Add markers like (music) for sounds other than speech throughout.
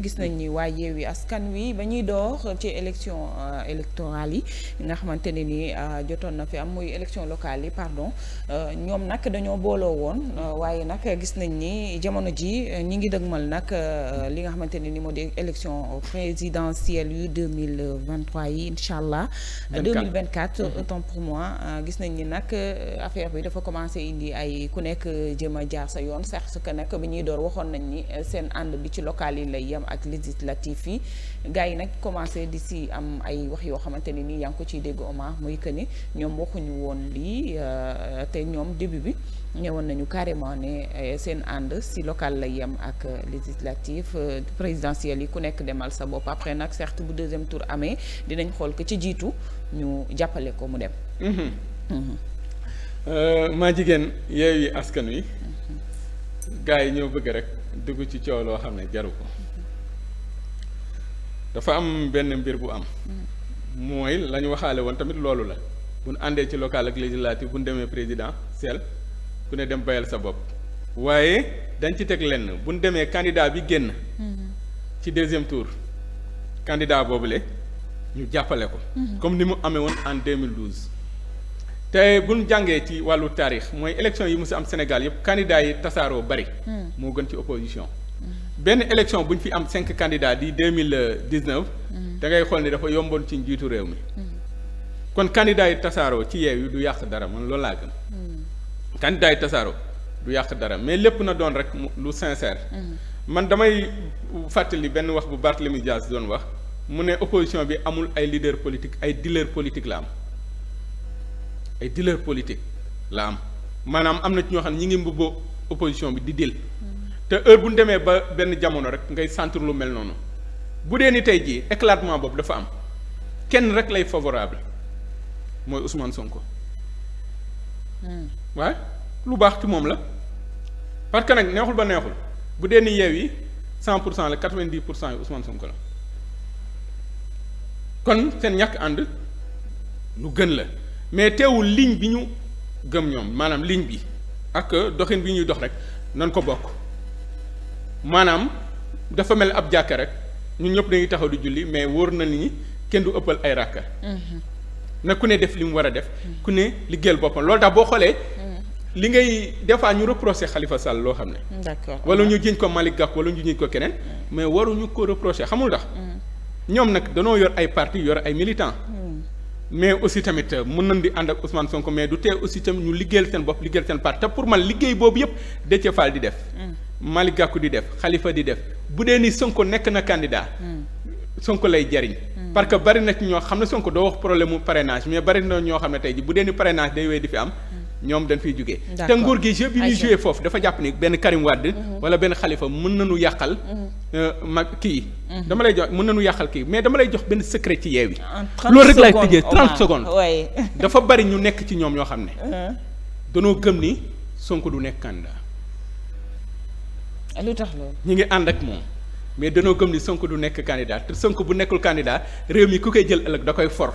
gis nañ ni waa Yewwi Askan Wi ba ñuy door ci élection euh, électorale yi nga xamante ne ni euh, jotoon na fi am muy élection locale yi pardon euh, ñoom nag dañoo booloo woon waaye nag gis nañ ni jamono ji ñi ngi dëgmal nag li nga xamante ne ni moo di élection présidentielle yu 2023 yi incha allah 2024 mm-hmm. autant pour moi gis nañ ni nag affaire bi dafa commencé indi ay ku nekk jéem a jaar sa yoon sax que nag bi ñuy door waxoon nañ ni seen ànd bi ci locale yi lay yem itam ak législatif yi gars yi nag commencé di si am ay wax yoo xamante ne nii yaa ngi ko ciy dégg Omar muy que ni ñoom waxuñu woon lii euh, te ñoom début bi ñëwoon nañu carrément ne euh, seen ànd si local la yem ak législatif euh, présidentielle yi ku nekk demal sa bopp après nag certes bu deuxième tour amee dinañ xool ko ci jiitu ñu jàppale ko mu dem. Mm-hmm. Mm-hmm. ma jigéen yeewi askan wi. Mm-hmm. gars ñoo bëgg rek dugg ci coow loo xam ne jaru ko. dafa am benn mbir bu am. mooy la ñu waxaale woon tamit loolu la bu ñu àndee ci local ak législative bu ñu demee président sel ku ne dem bayal sa bopp waaye dañ ci teg lenn bu ñu demee candidat bi génn. ci deuxième tour. candidat boobule ñu jàppale ko. comme ni mu amee woon en 2012. te bu ñu jàngee ci wàllu taarix mooy élection yi mu si am Sénégal yëpp candidat yi tasaaroo bari. Hmm. moo gën ci opposition. benn élection bu ñu fi am cinq candidats di deux mille euh, dix neuf. Mm-hmm. da ngay xool ni dafa yomboon ci njiitu réew mi. Mm-hmm. kon candidats yi tasaaroo ci yeew yi du yàq dara man loolu laa gëm. Mm-hmm. candidats yi tasaaroo du yàq dara mais lépp na doon rek mu lu sincère. man damay fàttali benn wax bu Barthélemy Dias doon wax mu ne opposition bi amul ay leader politique ay dealer politique la am ay dealer politique la am maanaam am na ci ñoo xam ne ñu ngi mbubboo opposition bi di dil te heure bu ñu demee ba benn jamono rek ngay sentir lu mel noonu bu dee ni tey jii éclatement boobu dafa am kenn rek lay favorable mooy Ousmane Sonko. waaye hmm. lu baax ci moom la parce que nag neexul ba neexul bu dee ni yeew yi cent pour cent la quatre vingt dix pour cent yi Ousmane Sonko la kon seen ñàkk ànd lu gën la mais teewul ligne bi ñu gëm ñoom maanaam ligne bi ak doxin bi ñuy dox rek nan ko bokk. maanaam dafa mel ab jàkka rek ñun ñëpp dañuy taxaw du julli mais wóor na ni kenn du ëppal ay ràkka mm-hmm. na ku ne def li mu war a def ku ne liggéeyal boppam loolu tax boo xoolee mm-hmm. li ngay des fois ñu reproché Khalifa Sall loo xam ne d'accord wala ñu jiñ ko Malick Gakou wala ñu jiñ ko keneen mm. mais waruñu ko reproché xamul tax mm. ñoom nag danoo yor ay parti yor ay militants mm. mais aussi tamit euh, mën nañ di ànd ak Ousmane Sonko mais du tee aussi tamit ñu liggéeyal seen bopp liggéeyal seen parti te man liggéey boobu yëpp Déthié di def Malick Gakou di def xalifa di def bu dee ni Sonko nekk na candidat. Sonko lay jariñ. parce que bari na ci ñoo xam ne Sonko doo wax problème mu parrainage mais bari na ñoo xam ne tey ji bu dee ni parrainage fi am. ñoom dañ fiy jugee. te nguur gi jeu bi ñuy joué foofu dafa jàpp ni benn Karim Wade. Mhm. wala benn Khalifa mën nañu yàqal. Mhm. Euh, mag kii. Mhm. dama lay jox mën nu yàqal kii mais dama lay jox benn secret ci yeewi. loolu rek laay tëjee 30 secondes. dafa bari ñu nekk ci ñoom ñoo xam ne. (laughs) Uh-huh. danoo gëm ni Sonko du nekk candidat lu tax ñu ngi ànd ak moom mais danoo gëm ni Sonko du nekk candidat te Sonko bu nekkul candidat réew mi ku koy jël ëllëg da koy for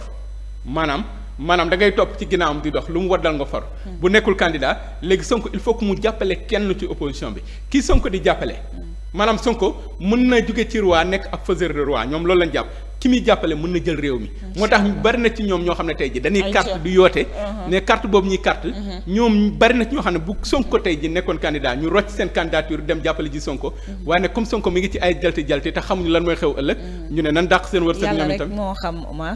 maanaam maanaam da ngay topp ci am di dox lu mu waddal nga for hmm. bu nekkul candidat léegi Sonko il faut que mu jàppale kenn ci opposition bi kii Sonko di jàppale maanaam Sonko mën na jóge ci roi nekk ak faiseur de roi ñoom loolu lañ jàpp ki muy jàppale mën na jël réew mi ah, moo tax bari na ci ñoom ñoo xam ne tey ji dañuy carte du yoote uh-huh. mais carte boobu ñuy carte uh-huh. ñoom bari na ci ñoo xam ne bu Sonko tey ji nekkoon candidat ñu rocc seen candidature dem jàppale ji Sonko uh-huh. waaye nag comme Sonko mi ngi ci ay jalte jalte te xamuñu lan mooy xew ëllëg ñu ne nan dàq seen wërsëg ñoom itam